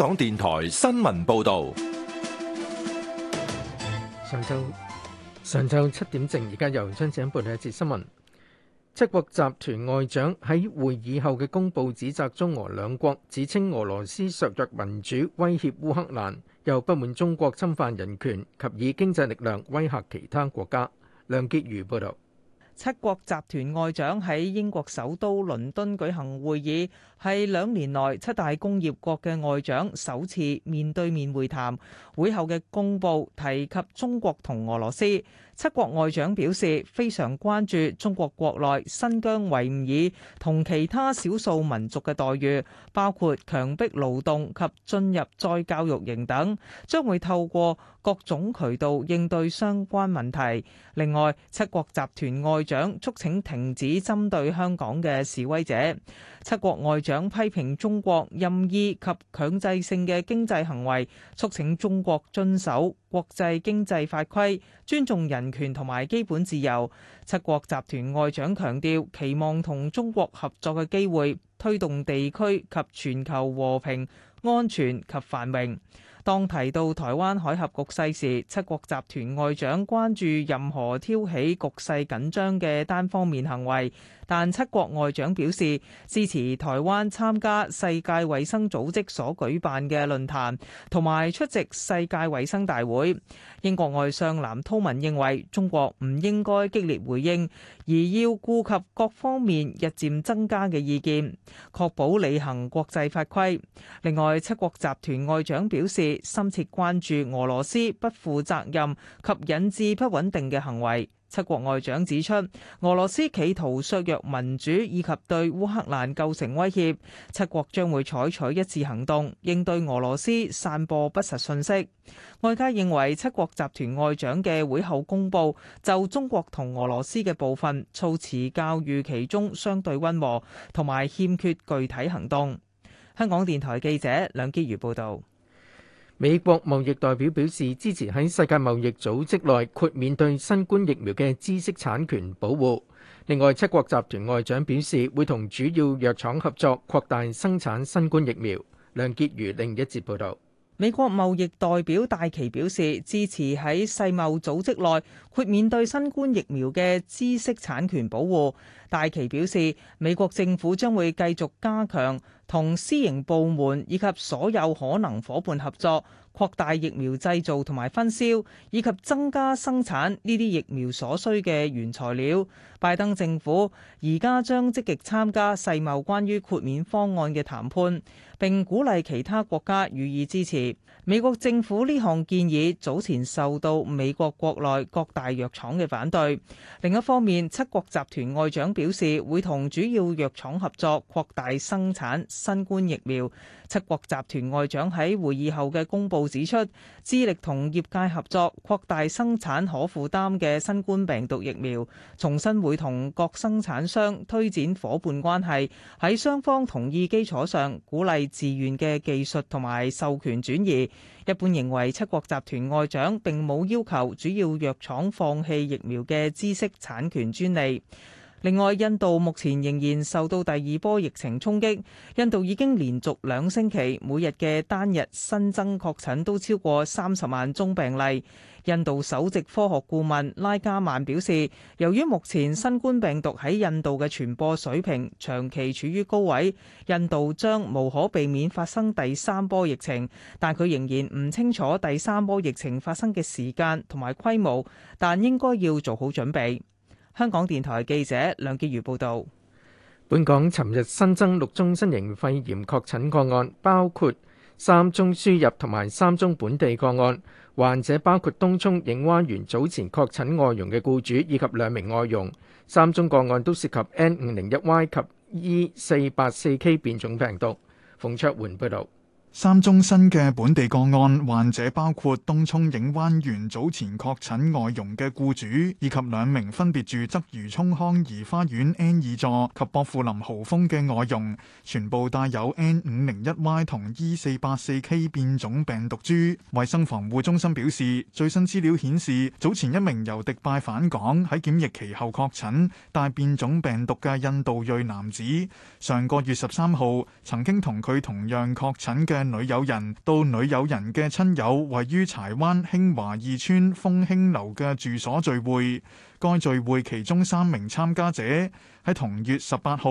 香港電台新聞報道：上周上晝七點正，而家由張子欣報道一節新聞。七國集團外長喺會議後嘅公布，指責中俄兩國，指稱俄羅斯削弱民主、威脅烏克蘭，又不滿中國侵犯人權及以經濟力量威嚇其他國家。梁潔瑜報道。七國集團外長喺英國首都倫敦舉行會議，係兩年內七大工業國嘅外長首次面對面會談。會後嘅公報提及中國同俄羅斯。七國外長表示非常關注中國國內新疆維吾爾同其他少數民族嘅待遇，包括強迫勞動及進入再教育營等，將會透過各種渠道應對相關問題。另外，七國集團外長促請停止針對香港嘅示威者。七國外長批評中國任意及強制性嘅經濟行為，促請中國遵守國際經濟法規，尊重人權同埋基本自由。七國集團外長強調，期望同中國合作嘅機會，推動地區及全球和平、安全及繁榮。當提到台灣海峽局勢時，七國集團外長關注任何挑起局勢緊張嘅單方面行為。但七國外長表示支持台灣參加世界衛生組織所舉辦嘅論壇，同埋出席世界衛生大會。英國外相藍韜文認為中國唔應該激烈回應，而要顧及各方面日漸增加嘅意見，確保履行國際法規。另外，七國集團外長表示深切關注俄羅斯不負責任及引致不穩定嘅行為。七國外長指出，俄羅斯企圖削弱民主以及對烏克蘭構成威脅，七國將會採取一致行動應對俄羅斯散播不實信息。外界認為七國集團外長嘅會後公佈就中國同俄羅斯嘅部分措辭較預期中相對溫和，同埋欠缺具體行動。香港電台記者梁潔如報導。美國貿易代表表示支持喺世界貿易組織內豁免對新冠疫苗嘅知識產權保護。另外，七國集團外長表示會同主要藥廠合作擴大生產新冠疫苗。梁潔如另一節報道。美國貿易代表戴琦表示支持喺世貿組織內豁免對新冠疫苗嘅知識產權保護。戴琦表示，美國政府將會繼續加強同私營部門以及所有可能伙伴合作，擴大疫苗製造同埋分銷，以及增加生產呢啲疫苗所需嘅原材料。拜登政府而家將積極參加世貿關於豁免方案嘅談判。並鼓勵其他國家予以支持。美國政府呢項建議早前受到美國國內各大藥廠嘅反對。另一方面，七國集團外長表示，會同主要藥廠合作擴大生產新冠疫苗。七國集團外長喺會議後嘅公布指出，致力同業界合作擴大生產可負擔嘅新冠病毒疫苗，重新會同各生產商推展伙伴關係，喺雙方同意基礎上鼓勵。自願嘅技術同埋授權轉移，一般認為七國集團外長並冇要求主要藥廠放棄疫苗嘅知識產權專利。另外，印度目前仍然受到第二波疫情衝擊，印度已經連續兩星期每日嘅單日新增確診都超過三十萬宗病例。印度首席科學顧問拉加曼表示，由於目前新冠病毒喺印度嘅傳播水平長期處於高位，印度將無可避免發生第三波疫情。但佢仍然唔清楚第三波疫情發生嘅時間同埋規模，但應該要做好準備。香港電台記者梁潔如報導。本港尋日新增六宗新型肺炎確診個案，包括三宗輸入同埋三宗本地個案。患者包括東涌影灣園早前確診外傭嘅僱主，以及兩名外傭，三宗個案都涉及 N501Y 及 E484K 變種病毒。馮卓煥報道。三宗新嘅本地個案患者包括東涌映灣園早前確診外傭嘅雇主，以及兩名分別住鰂魚涌康怡花園 N 二座及薄扶林豪峰嘅外傭，全部帶有 N 五零一 Y 同 E 四八四 K 變種病毒株。衛生防護中心表示，最新資料顯示，早前一名由迪拜返港喺檢疫期後確診帶變種病毒嘅印度裔男子，上個月十三號曾經同佢同樣確診嘅。女友人到女友人嘅親友位於柴灣興華二村豐興樓嘅住所聚會。該聚會其中三名參加者喺同月十八號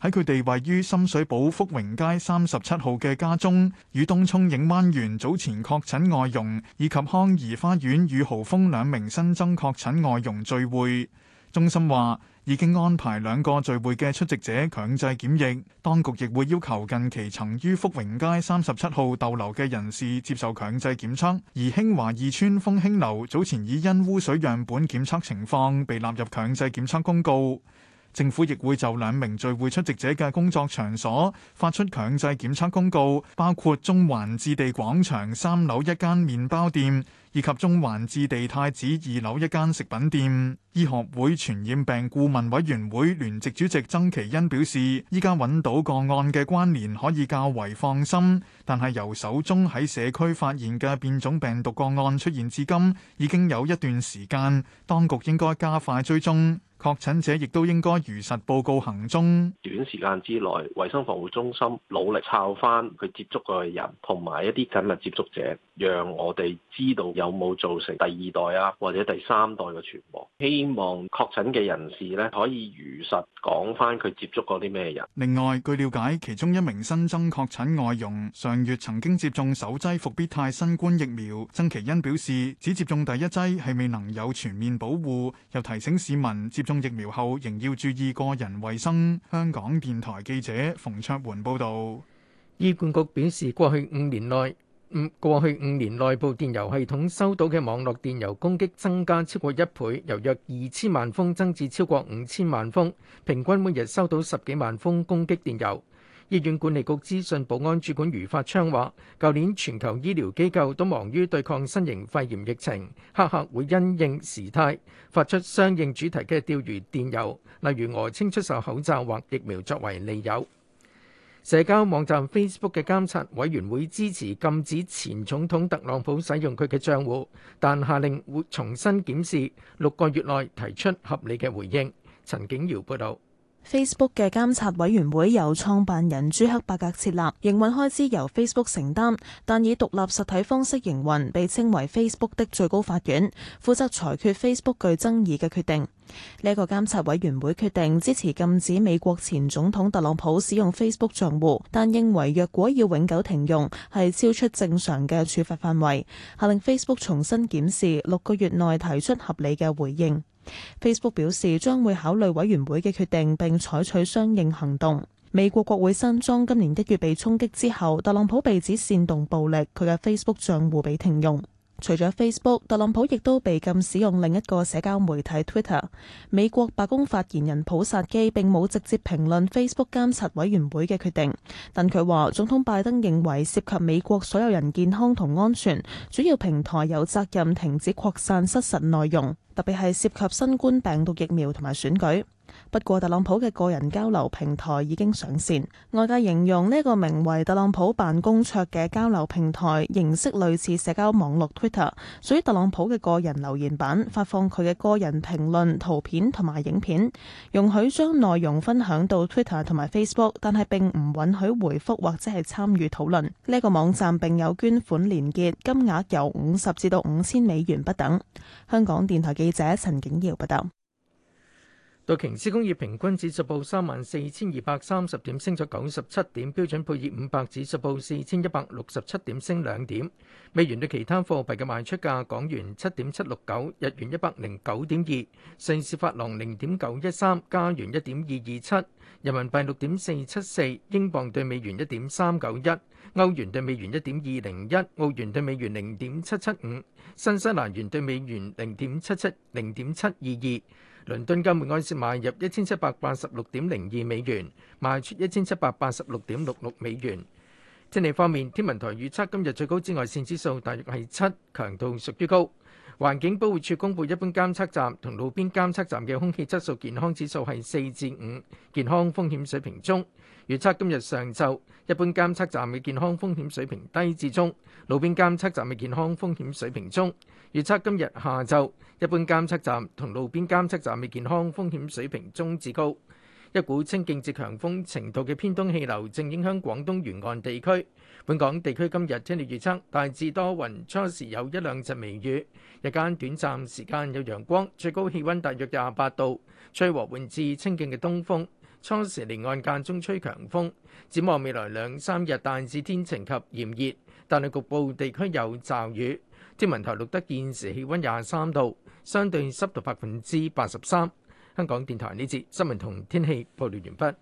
喺佢哋位於深水埗福榮街三十七號嘅家中，與東涌影灣園早前確診外傭以及康怡花園與豪豐兩名新增確診外傭聚會。中心話，已經安排兩個聚會嘅出席者強制檢疫，當局亦會要求近期曾於福榮街三十七號逗留嘅人士接受強制檢測。而興華二村豐興樓早前已因污水樣本檢測情況被納入強制檢測公告。政府亦會就兩名聚會出席者嘅工作場所發出強制檢測公告，包括中環置地廣場三樓一間麵包店。以及中環置地太子二樓一間食品店，醫學會傳染病顧問委員會聯席主席曾其恩表示，依家揾到個案嘅關聯可以較為放心，但係由首宗喺社區發現嘅變種病毒個案出現至今已經有一段時間，當局應該加快追蹤。確診者亦都應該如實報告行蹤，短時間之內，衛生防護中心努力抄翻佢接觸過嘅人，同埋一啲緊密接觸者，讓我哋知道有冇造成第二代啊或者第三代嘅傳播。希望確診嘅人士呢，可以如實講翻佢接觸過啲咩人。另外，據了解，其中一名新增確診外傭，上月曾經接種首劑復必泰新冠疫苗，曾其恩表示，只接種第一劑係未能有全面保護，又提醒市民接種疫苗後仍要注意個人衛生。香港電台記者馮卓桓報道。醫管局表示，過去五年內，嗯，過去五年內部電郵系統收到嘅網絡電郵攻擊增加超過一倍，由約二千萬封增至超過五千萬封，平均每日收到十幾萬封攻擊電郵。醫院管理局資訊保安主管余發昌話，舊年全球醫療機構都忙於對抗新型肺炎疫情，黑客，客會因應時態發出相應主題嘅釣魚電郵，例如訛稱出售口罩或疫苗作為利誘。社交網站 Facebook 嘅監察委員會支持禁止前總統特朗普使用佢嘅賬戶，但下令會重新檢視，六個月內提出合理嘅回應。陳景堯報導。Facebook 嘅監察委員會由創辦人朱克伯格設立，營運開支由 Facebook 承擔，但以獨立實體方式營運，被稱為 Facebook 的最高法院，負責裁決 Facebook 具爭議嘅決定。呢個監察委員會決定支持禁止美國前總統特朗普使用 Facebook 賬戶，但認為若果要永久停用，係超出正常嘅處罰範圍，下令 Facebook 重新檢視，六個月內提出合理嘅回應。Facebook 表示將會考慮委員會嘅決定，並採取相應行動。美國國會山莊今年一月被衝擊之後，特朗普被指煽動暴力，佢嘅 Facebook 賬戶被停用。除咗 Facebook，特朗普亦都被禁使用另一個社交媒體 Twitter。美國白宮發言人普薩基並冇直接評論 Facebook 監察委員會嘅決定，但佢話總統拜登認為涉及美國所有人健康同安全，主要平台有責任停止擴散失實內容，特別係涉及新冠病毒疫苗同埋選舉。不過特朗普嘅個人交流平台已經上線，外界形容呢個名為特朗普辦公桌嘅交流平台，形式類似社交網絡 Twitter，屬於特朗普嘅個人留言板，發放佢嘅個人評論、圖片同埋影片，容許將內容分享到 Twitter 同埋 Facebook，但係並唔允許回覆或者係參與討論。呢個網站並有捐款連結，金額由五十至到五千美元不等。香港電台記者陳景瑤報道。道瓊斯工業平均指數報三萬四千二百三十點，升咗九十七點；標準普爾五百指數報四千一百六十七點，升兩點。美元對其他貨幣嘅賣出價：港元七點七六九，日元一百零九點二，瑞士法郎零點九一三，加元一點二二七，人民幣六點四七四，英鎊對美元一點三九一，歐元對美元一點二零一，澳元對美元零點七七五，新西蘭元對美元零點七七零點七二二。倫敦金每盎司買入一千七百八十六點零二美元，賣出一千七百八十六點六六美元。天氣方面，天文台預測今日最高紫外線指數大約係七，強度屬於高。環境保護署公布一般監測站同路邊監測站嘅空氣質素健康指數係四至五，健康風險水平中。預測今日上晝，一般監測站嘅健康風險水平低至中，路邊監測站嘅健康風險水平中。預測今日下晝，一般監測站同路邊監測站嘅健康風險水平中至高。一股清勁至強風程度嘅偏東氣流正影響廣東沿岸地區。本港地區今日天氣預測，大致多雲，初時有一兩陣微雨，日間短暫時間有陽光，最高氣温大約廿八度，吹和緩至清勁嘅東風，初時離岸間中吹強風。展望未來兩三日大致天晴及炎熱，但係局部地區有驟雨。天文台錄得現時氣温廿三度，相對濕度百分之八十三。香港電台呢節新聞同天氣報道完畢。